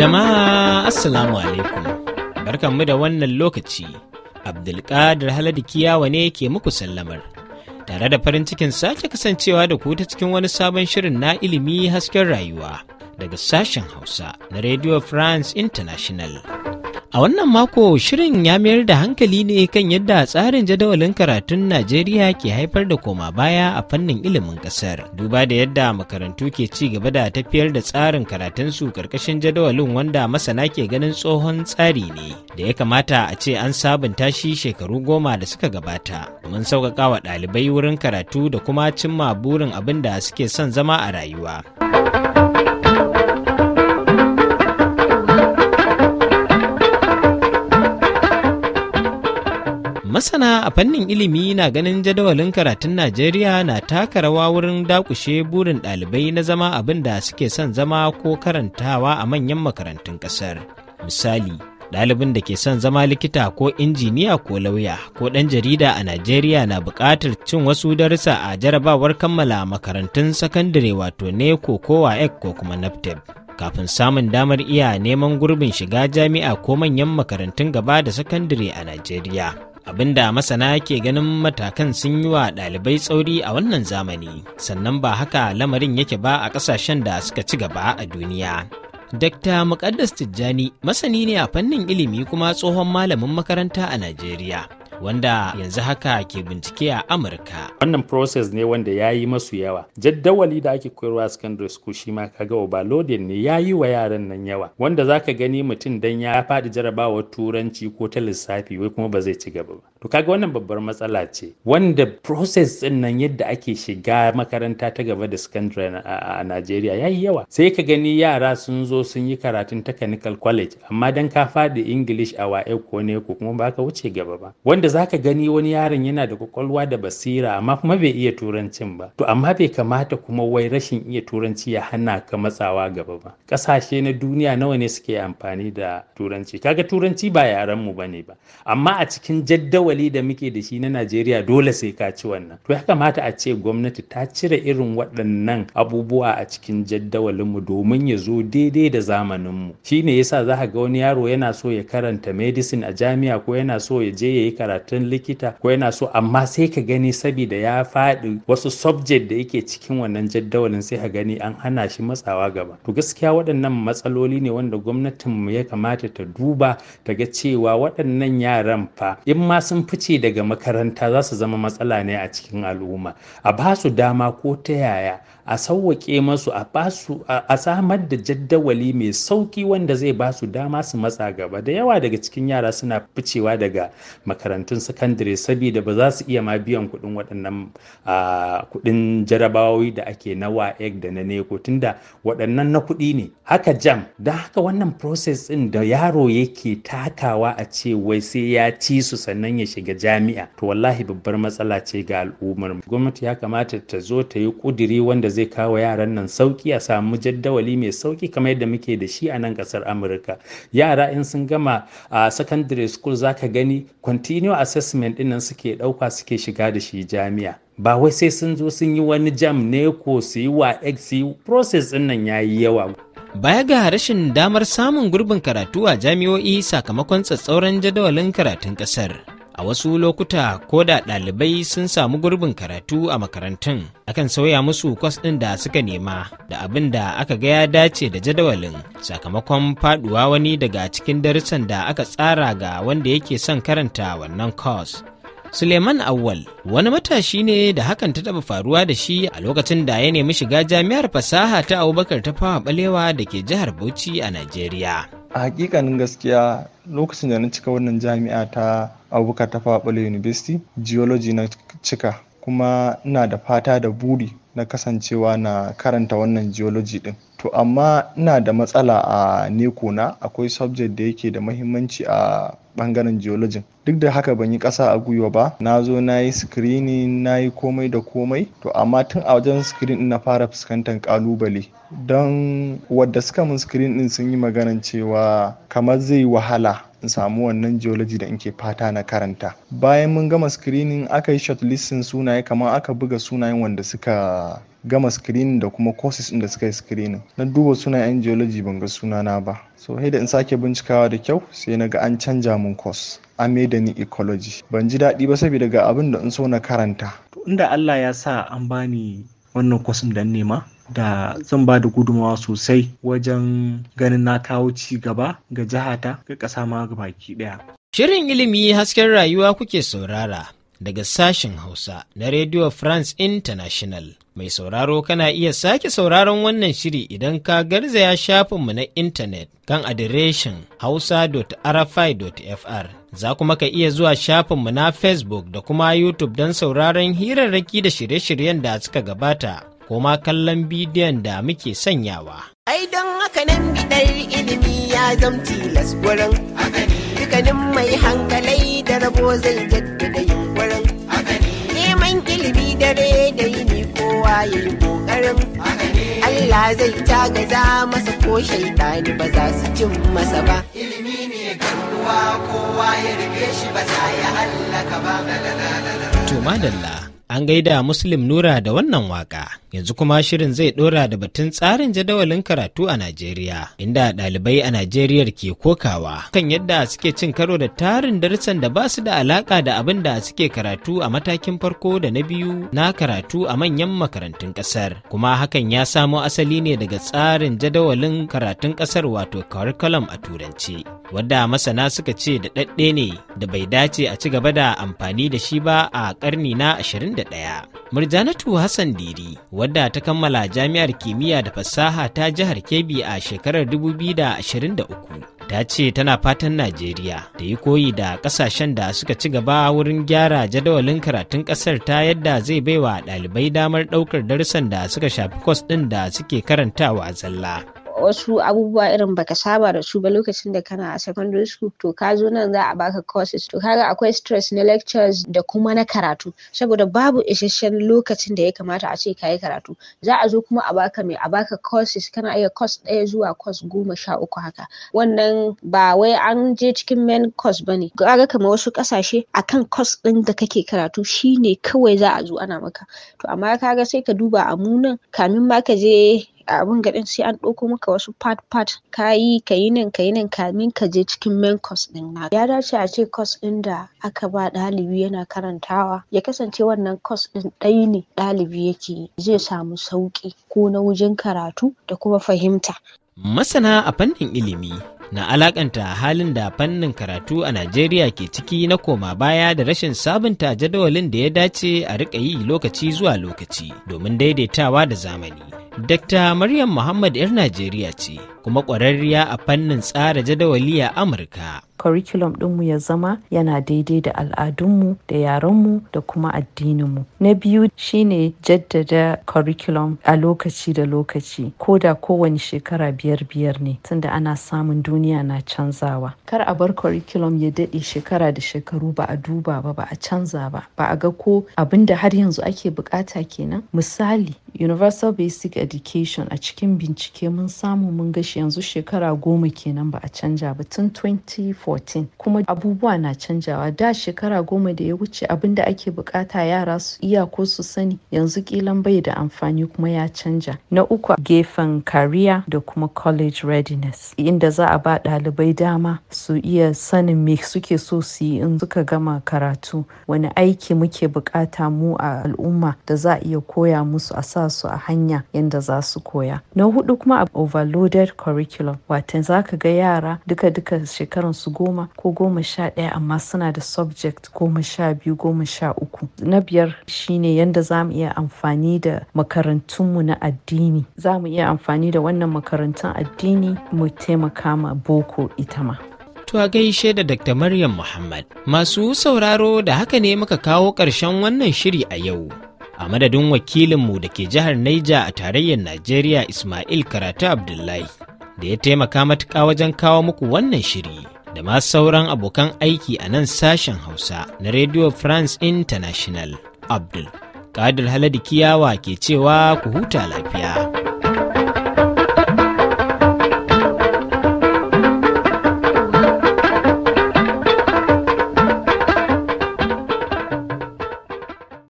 Jama'a Assalamu alaikum, barkanmu da wannan lokaci, Abdulkadir Haladu Kiyawa ne ke muku sallamar, tare da farin cikin sake kasancewa da ku ta cikin wani sabon shirin na ilimi hasken rayuwa daga sashen Hausa na Radio France International. A wannan mako shirin ya mayar da hankali ne kan yadda tsarin jadawalin karatun Najeriya ke haifar da koma baya a fannin ilimin kasar. Duba da yadda makarantu ke ci gaba da tafiyar da tsarin karatunsu karkashin jadawalin wanda masana ke ganin tsohon tsari ne da ya kamata a ce an sabunta shi shekaru goma da suka gabata domin sauƙaƙa wa ɗalibai wurin karatu da kuma cimma burin abin da suke son zama a rayuwa. Masana a fannin ilimi na ganin jadawalin karatun Najeriya na taka rawa wurin dakushe burin ɗalibai na zama abin da suke son zama ko karantawa a manyan makarantun ƙasar. Misali, ɗalibin da ke son zama likita ko injiniya ko lauya ko ɗan jarida a Najeriya na buƙatar cin wasu darussa a jarabawar kammala makarantun sakandare wato ne ko kowa ko kuma nafteb. kafin samun damar iya neman gurbin shiga jami'a ko manyan makarantun gaba da sakandare a Najeriya. abinda masana ke ganin matakan sun yi wa ɗalibai tsauri a wannan zamani sannan ba haka lamarin yake ba a ƙasashen da suka ci gaba a duniya Dr. Muqaddas Tijjani masani ne a fannin ilimi kuma tsohon malamin makaranta a Najeriya. wanda yanzu haka ke bincike a amurka wannan process ne wanda ya yi masu yawa jaddawali da ake koyarwa a secondary school shi ma kaga overloading ne ya yi wa yaran nan yawa wanda zaka gani mutum dan ya faɗi jarabawar turanci ko ta lissafi wai kuma ba zai ci gaba ba to kaga wannan babbar matsala ce wanda process din nan yadda ake shiga makaranta ta gaba da secondary a Najeriya ya yi yawa sai ka gani yara sun zo sun yi karatun technical college amma dan ka faɗi English a wa'e ko ne ko kuma ba ka wuce gaba ba wanda za ka gani wani yaron yana da kwakwalwa da basira amma kuma bai iya turancin ba to amma bai kamata kuma wai rashin iya turanci ya hana ka matsawa gaba ba kasashe na duniya nawa ne suke amfani da turanci kaga turanci ba yaren mu bane ba amma a cikin jaddawali da muke da shi na Najeriya dole sai ka ci wannan to ya kamata a ce gwamnati ta cire irin waɗannan abubuwa a cikin jaddawalin mu domin ya zo daidai da zamanin mu shine yasa za ka ga wani yaro yana so ya karanta medicine a jami'a ko yana so ya je ya yi karatu karatun likita ko yana so amma sai ka gani saboda ya faɗi wasu subject da yake cikin wannan jaddawalin sai ka gani an hana shi matsawa gaba to gaskiya waɗannan matsaloli ne wanda gwamnatin mu ya kamata ta duba ta ga cewa waɗannan yaran fa in ma sun fice daga makaranta za su zama matsala ne a cikin al'umma a ba su dama ko ta yaya a sauwaƙe masu a basu a samar da jaddawali mai sauƙi wanda zai ba su dama su matsa gaba da yawa daga cikin yara suna ficewa daga makarantun sakandare saboda ba za su iya ma biyan kuɗin waɗannan kuɗin jarabawoyi da ake na waec da na neko tunda waɗannan na kuɗi ne haka jam da haka wannan process ɗin da yaro yake takawa a ce wai sai ya ci su sannan ya shiga jami'a to wallahi babbar matsala ce ga al'ummar gwamnati ya kamata ta zo ta yi ƙudiri wanda zai zai kawo yaran nan sauki a samu jaddawali mai sauki kamar yadda muke da shi a nan kasar amurka yara in sun gama a secondary school zaka gani continue assessment nan suke dauka suke shiga da shi jami'a ba wai sai sun zo sun yi wani jam ne ko su yi wa x process din nan yayi yawa baya ga rashin damar samun gurbin karatu a jami'o'i sakamakon tsatsauran jadawalin karatun kasar a wasu lokuta ko da ɗalibai sun samu gurbin karatu a makarantun akan sauya musu kwas ɗin da suka nema da abin da aka ga ya dace da jadawalin sakamakon faɗuwa wani daga cikin darussan da aka tsara ga wanda yake son karanta wannan kwas Suleiman Awwal wani matashi ne da hakan ta taba faruwa da shi a lokacin da ya nemi shiga jami'ar fasaha ta Abubakar ta fawa balewa da ke jihar Bauchi a Najeriya. A hakikanin gaskiya lokacin da na cika wannan jami'a ta abubakar ta fawa university geology na cika kuma ina da fata da buri na kasancewa na karanta wannan geology din to amma ina da matsala a neko na akwai subject da yake da mahimmanci a bangaren Geology. duk da haka ban yi ƙasa a gwiwa ba na zo na yi screening na yi komai da komai to amma tun a wajen screening na fara fuskantar kalubale don wadda suka min screen sun yi maganan cewa kamar zai wahala in samu wannan geology da ke fata na karanta bayan mun gama screening aka yi shortlisting sunaye kamar aka buga sunayen wanda suka gama screening da kuma courses inda suka yi screening na duba sunayen geology ban ga sunana ba so da in sake bincikawa da kyau sai na ga an canja mun course a mai ecology ban ji daɗi ba saboda ga abin da in so na karanta to inda Allah ya sa an bani wannan kwasin da nema da zan ba da gudunmawa sosai wajen ganin na kawo ci gaba ga jihata ga ƙasa ma baki ɗaya. Shirin ilimi hasken rayuwa kuke saurara daga sashen Hausa na Radio France International. Mai sauraro kana iya sake sauraron wannan shiri idan ka garzaya shafinmu na intanet kan adireshin hausa.rfi.fr. Za kuma ka iya zuwa shafinmu na Facebook da kuma YouTube don sauraron hirarraki da shirye-shiryen da suka gabata, ko ma kallon bidiyon da muke sanyawa. Ai don haka nan ilimi ya zamci lasgurin, dukanin mai hankalai da rabo zai dare da yini kowa ya yi kokarin Allah zai za masa ko shaidani ba za su cin masa ba ilimi ne garkuwa kowa ya rike shi ba za ya hallaka ba to madalla an gaida Muslim Nura da wannan waka. Yanzu kuma shirin zai dora da batun tsarin jadawalin karatu a Najeriya, inda ɗalibai a Najeriya ke kokawa kan yadda suke cin karo da tarin darussan da ba su da alaka da abin da suke karatu a matakin farko da na biyu na karatu a manyan makarantun ƙasar. Kuma hakan ya samo asali ne daga tsarin jadawalin karatun ƙasar wato curriculum a Turanci. wadda masana suka ce da ɗaɗɗe ne da bai dace a ci gaba da amfani da shi ba a ƙarni na 21. Murjanatu Hassan Diri wadda ta kammala jami'ar kimiyya da fasaha ta jihar Kebbi a shekarar 2023 ta ce tana fatan Najeriya da yi koyi da ƙasashen da suka ci gaba wurin gyara jadawalin karatun ƙasar ta yadda zai baiwa ɗalibai damar ɗaukar darussan da suka shafi kwas ɗin da suke karantawa zalla. wasu abubuwa irin baka saba da su ba lokacin da kana a secondary school to ka zo nan za a baka courses to kaga akwai stress na lectures da kuma na karatu saboda babu isasshen lokacin da ya kamata a ce kayi karatu za a zo kuma a baka mai a baka courses kana iya course ɗaya zuwa course goma sha uku haka wannan ba wai an je cikin main course bane kaga kamar wasu ƙasashe akan course ɗin da kake karatu shine kawai za a zo ana maka to amma kaga sai ka duba a munan kamin ma ka je a abin gaɗin sai an ɗauko maka wasu part part ka yi ka yi nan ka yi nan kamin ka je cikin main course ɗin na ya dace a ce course ɗin da aka ba ɗalibi yana karantawa ya kasance wannan course ɗin ɗaya ne ɗalibi yake zai samu sauƙi ko na wajen karatu da kuma fahimta masana a fannin ilimi na alakanta halin da fannin karatu a Najeriya ke ciki na koma baya da rashin sabunta jadawalin da ya dace a riƙa yi lokaci zuwa lokaci domin daidaitawa da zamani. Dr. Maryam Muhammad 'yar Najeriya ce kuma ƙwararriya a fannin tsara jadawali a Amurka. Curriculum ɗinmu ya zama yana daidai da al'adunmu da yarenmu da kuma addininmu. Na biyu shine jaddada curriculum a lokaci da lokaci ko da kowane shekara biyar biyar ne tunda ana samun duniya na canzawa. Kar a bar curriculum ya daɗe shekara da shekaru ba a duba ba ba a canza ba ba a ga ko abin da har yanzu ake bukata kenan misali universal basic education a cikin bincike mun samu mun gashi yanzu shekara goma kenan ba a canja ba tun 2014 kuma abubuwa na canjawa da shekara goma da ya wuce abinda ake bukata yara su iya ko su sani yanzu kilan bai da amfani kuma ya canja na uku gefen career da kuma college readiness inda za a ba dalibai dama su iya sanin me suke so su yi in suka gama karatu wani aiki muke bukata mu a al'umma da za a iya koya musu a sa su a hanya yadda za su koya na hudu kuma a overloaded curriculum wata za ka ga yara duka-duka shekarun su goma ko goma sha ɗaya amma suna da subject goma sha biyu goma sha uku na biyar shine yadda za mu iya amfani da makarantunmu na addini za mu iya amfani da wannan makarantun addini mu taimaka ma boko ita ma To a gaishe da Dr. Maryam Muhammad. Masu sauraro da haka ne muka kawo ƙarshen wannan shiri a yau. a madadin wakilinmu da ke jihar Naija a tarayyar Najeriya Ismail Karatu Abdullahi da ya taimaka matuƙa wajen kawo muku wannan shiri da ma sauran abokan aiki a nan sashen Hausa na Radio France International Abdul. Kadir Haladi Kiyawa ke cewa ku huta lafiya.